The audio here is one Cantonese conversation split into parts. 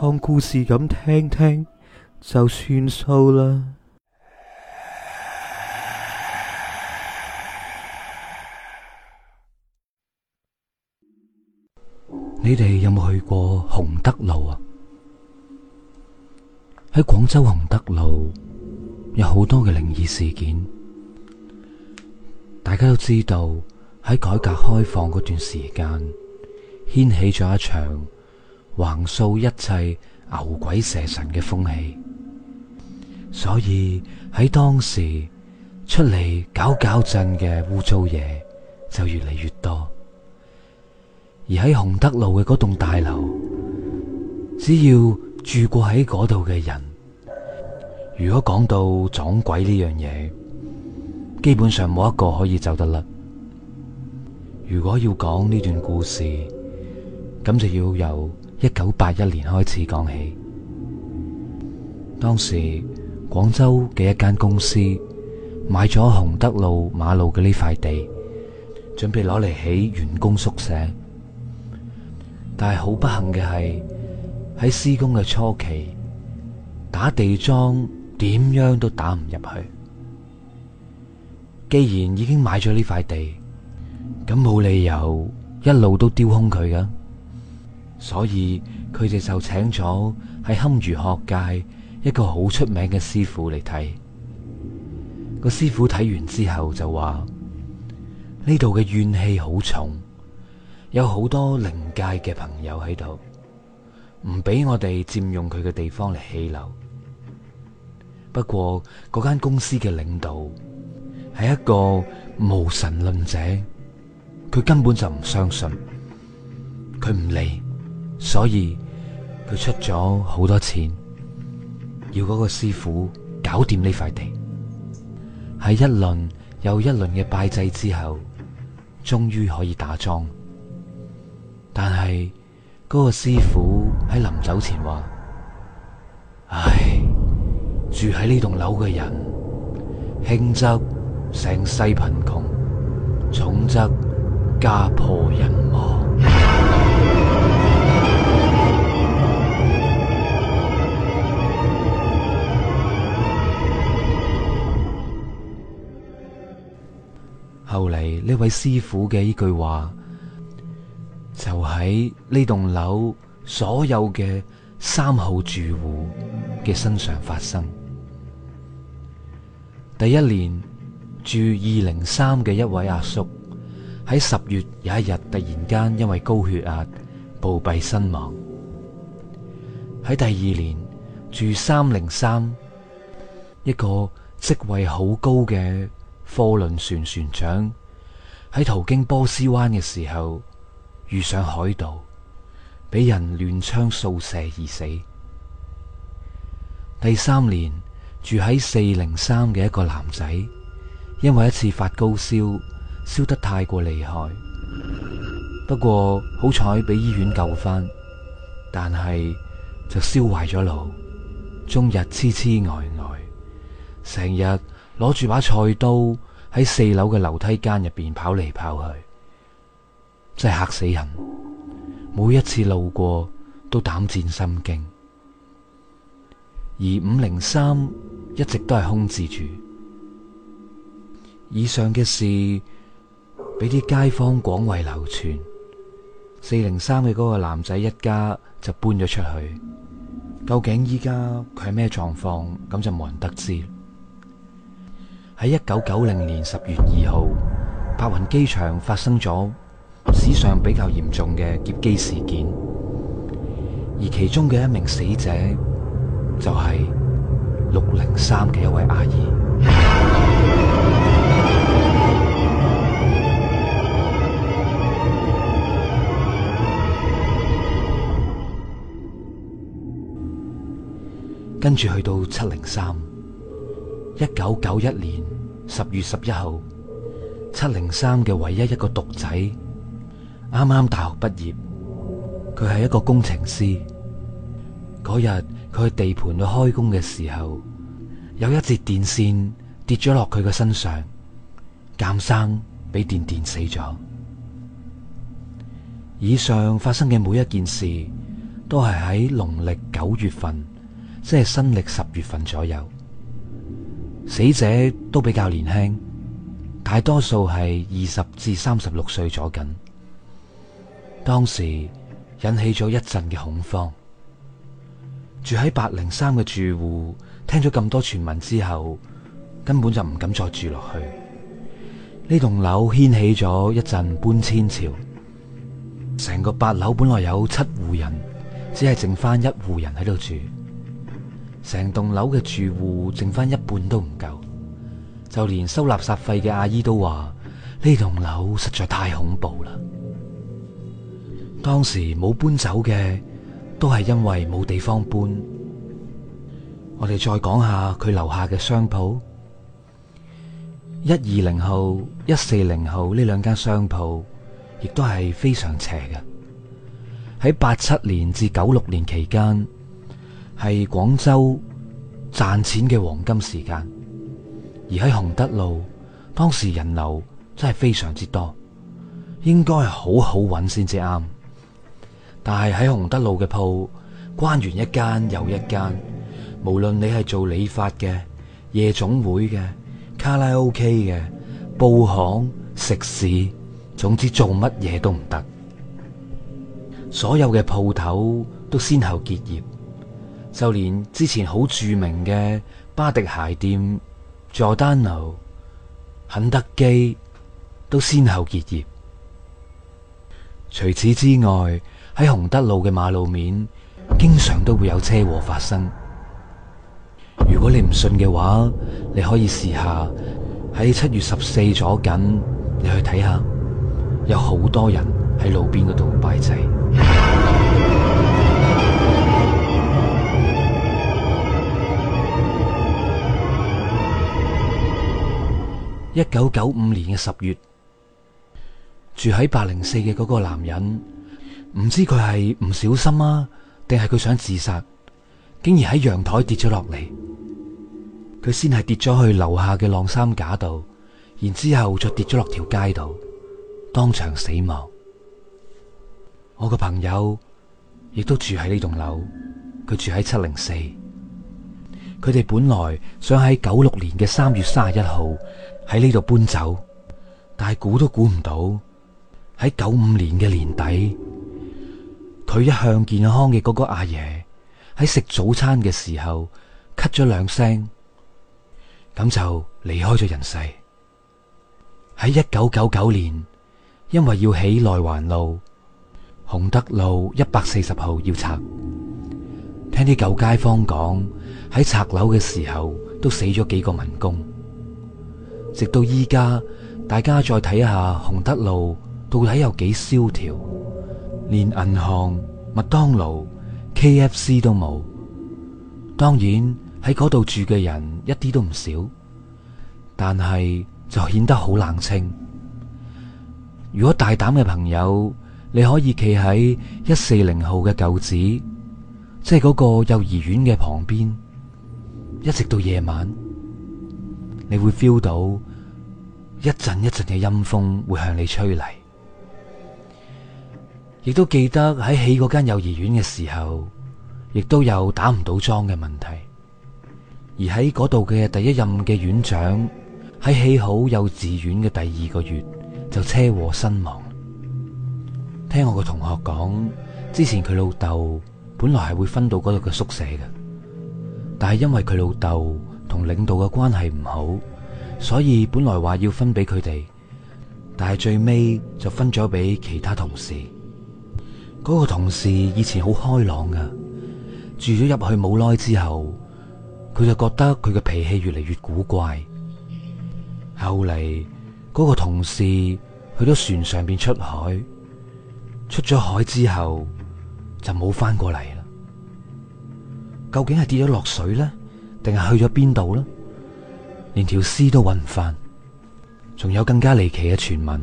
當故事咁聽聽就算數啦。你哋有冇去過洪德路啊？喺廣州洪德路有好多嘅靈異事件，大家都知道喺改革開放嗰段時間掀起咗一場。橫掃一切牛鬼蛇神嘅風氣，所以喺當時出嚟搞搞震嘅污糟嘢就越嚟越多。而喺洪德路嘅嗰棟大樓，只要住過喺嗰度嘅人，如果講到撞鬼呢樣嘢，基本上冇一個可以走得甩。如果要講呢段故事，咁就要有。一九八一年開始講起，當時廣州嘅一間公司買咗洪德路馬路嘅呢塊地，準備攞嚟起員工宿舍。但係好不幸嘅係，喺施工嘅初期，打地樁點樣都打唔入去。既然已經買咗呢塊地，咁冇理由一路都丟空佢噶。所以佢哋就請咗喺堪輿學界一個好出名嘅師傅嚟睇。個師傅睇完之後就話：呢度嘅怨氣好重，有好多靈界嘅朋友喺度，唔俾我哋佔用佢嘅地方嚟起樓。不過嗰間公司嘅領導係一個無神論者，佢根本就唔相信，佢唔理。所以佢出咗好多錢，要嗰個師傅搞掂呢塊地。喺一輪又一輪嘅拜祭之後，終於可以打樁。但係嗰個師傅喺臨走前話，唉，住喺呢棟樓嘅人，輕則成世貧窮，重則家破人亡。呢位師傅嘅呢句話，就喺呢棟樓所有嘅三號住戶嘅身上發生。第一年住二零三嘅一位阿叔，喺十月有一日突然間因為高血壓暴斃身亡。喺第二年住三零三，一個職位好高嘅貨輪船船長。喺途經波斯灣嘅時候遇上海盜，俾人亂槍掃射而死。第三年住喺四零三嘅一個男仔，因為一次發高燒，燒得太過厲害，不過好彩俾醫院救翻，但係就燒壞咗腦，終日痴痴呆呆，成日攞住把菜刀。喺四樓嘅樓梯間入邊跑嚟跑去，真係嚇死人！每一次路過都膽戰心驚，而五零三一直都係空置住。以上嘅事俾啲街坊廣為流傳，四零三嘅嗰個男仔一家就搬咗出去。究竟依家佢係咩狀況？咁就冇人得知。喺一九九零年十月二號，白雲機場發生咗史上比較嚴重嘅劫機事件，而其中嘅一名死者就係六零三嘅一位阿姨，跟住去到七零三。一九九一年十月十一號，七零三嘅唯一一個獨仔，啱啱大學畢業，佢係一個工程師。嗰日佢去地盤度開工嘅時候，有一節電線跌咗落佢嘅身上，監生俾電電死咗。以上發生嘅每一件事，都係喺農曆九月份，即係新曆十月份左右。死者都比較年輕，大多數係二十至三十六歲左近。當時引起咗一陣嘅恐慌，住喺八零三嘅住戶聽咗咁多傳聞之後，根本就唔敢再住落去。呢棟樓掀起咗一陣搬遷潮，成個八樓本來有七戶人，只係剩翻一戶人喺度住。成棟樓嘅住戶剩翻一半都唔夠，就連收垃圾費嘅阿姨都話呢棟樓實在太恐怖啦。當時冇搬走嘅都係因為冇地方搬。我哋再講下佢樓下嘅商鋪，一二零號、一四零號呢兩間商鋪亦都係非常邪嘅。喺八七年至九六年期間。係廣州賺錢嘅黃金時間，而喺洪德路當時人流真係非常之多，應該好好揾先至啱。但係喺洪德路嘅鋪關完一間又一間，無論你係做理髮嘅、夜總會嘅、卡拉 OK 嘅、布行、食肆，總之做乜嘢都唔得，所有嘅鋪頭都先後結業。就連之前好著名嘅巴迪鞋店、佐丹奴、肯德基都先後結業。除此之外，喺洪德路嘅馬路面，經常都會有車禍發生。如果你唔信嘅話，你可以試下喺七月十四左緊，你去睇下，有好多人喺路邊嗰度拜祭。一九九五年嘅十月，住喺八零四嘅嗰個男人，唔知佢係唔小心啊，定係佢想自殺，竟然喺陽台跌咗落嚟，佢先係跌咗去樓下嘅晾衫架度，然之後再跌咗落條街度，當場死亡。我個朋友亦都住喺呢棟樓，佢住喺七零四。佢哋本來想喺九六年嘅三月三十一號喺呢度搬走，但係估都估唔到，喺九五年嘅年底，佢一向健康嘅嗰個阿爺喺食早餐嘅時候咳咗兩聲，咁就離開咗人世。喺一九九九年，因為要起內環路，洪德路一百四十號要拆。聽啲舊街坊講，喺拆樓嘅時候都死咗幾個民工。直到依家，大家再睇下洪德路到底有幾蕭條，連銀行、麥當勞、KFC 都冇。當然喺嗰度住嘅人一啲都唔少，但係就顯得好冷清。如果大膽嘅朋友，你可以企喺一四零號嘅舊址。即係嗰個幼兒園嘅旁邊，一直到夜晚，你會 feel 到一陣一陣嘅陰風會向你吹嚟。亦都記得喺起嗰間幼兒園嘅時候，亦都有打唔到樁嘅問題。而喺嗰度嘅第一任嘅園長喺起好幼稚園嘅第二個月就車禍身亡。聽我個同學講，之前佢老豆，本來係會分到嗰度嘅宿舍嘅，但係因為佢老豆同領導嘅關係唔好，所以本來話要分俾佢哋，但係最尾就分咗俾其他同事。嗰個同事以前好開朗噶，住咗入去冇耐之後，佢就覺得佢嘅脾氣越嚟越古怪。後嚟嗰個同事去咗船上邊出海，出咗海之後。就冇翻過嚟啦。究竟係跌咗落水呢？定係去咗邊度呢？連條屍都揾唔翻。仲有更加離奇嘅傳聞，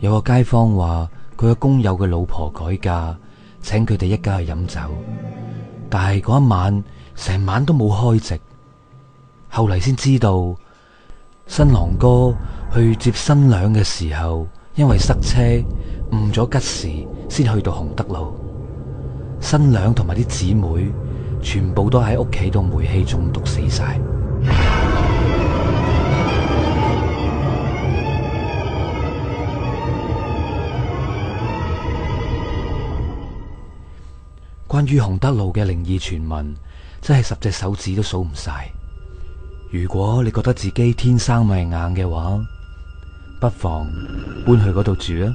有個街坊話佢個工友嘅老婆改嫁，請佢哋一家去飲酒，但係嗰一晚成晚都冇開席。後嚟先知道，新郎哥去接新娘嘅時候，因為塞車誤咗吉時，先去到洪德路。新娘同埋啲姊妹全部都喺屋企度煤氣中毒死晒。關於洪德路嘅靈異傳聞，真係十隻手指都數唔晒。如果你覺得自己天生命硬嘅話，不妨搬去嗰度住吖！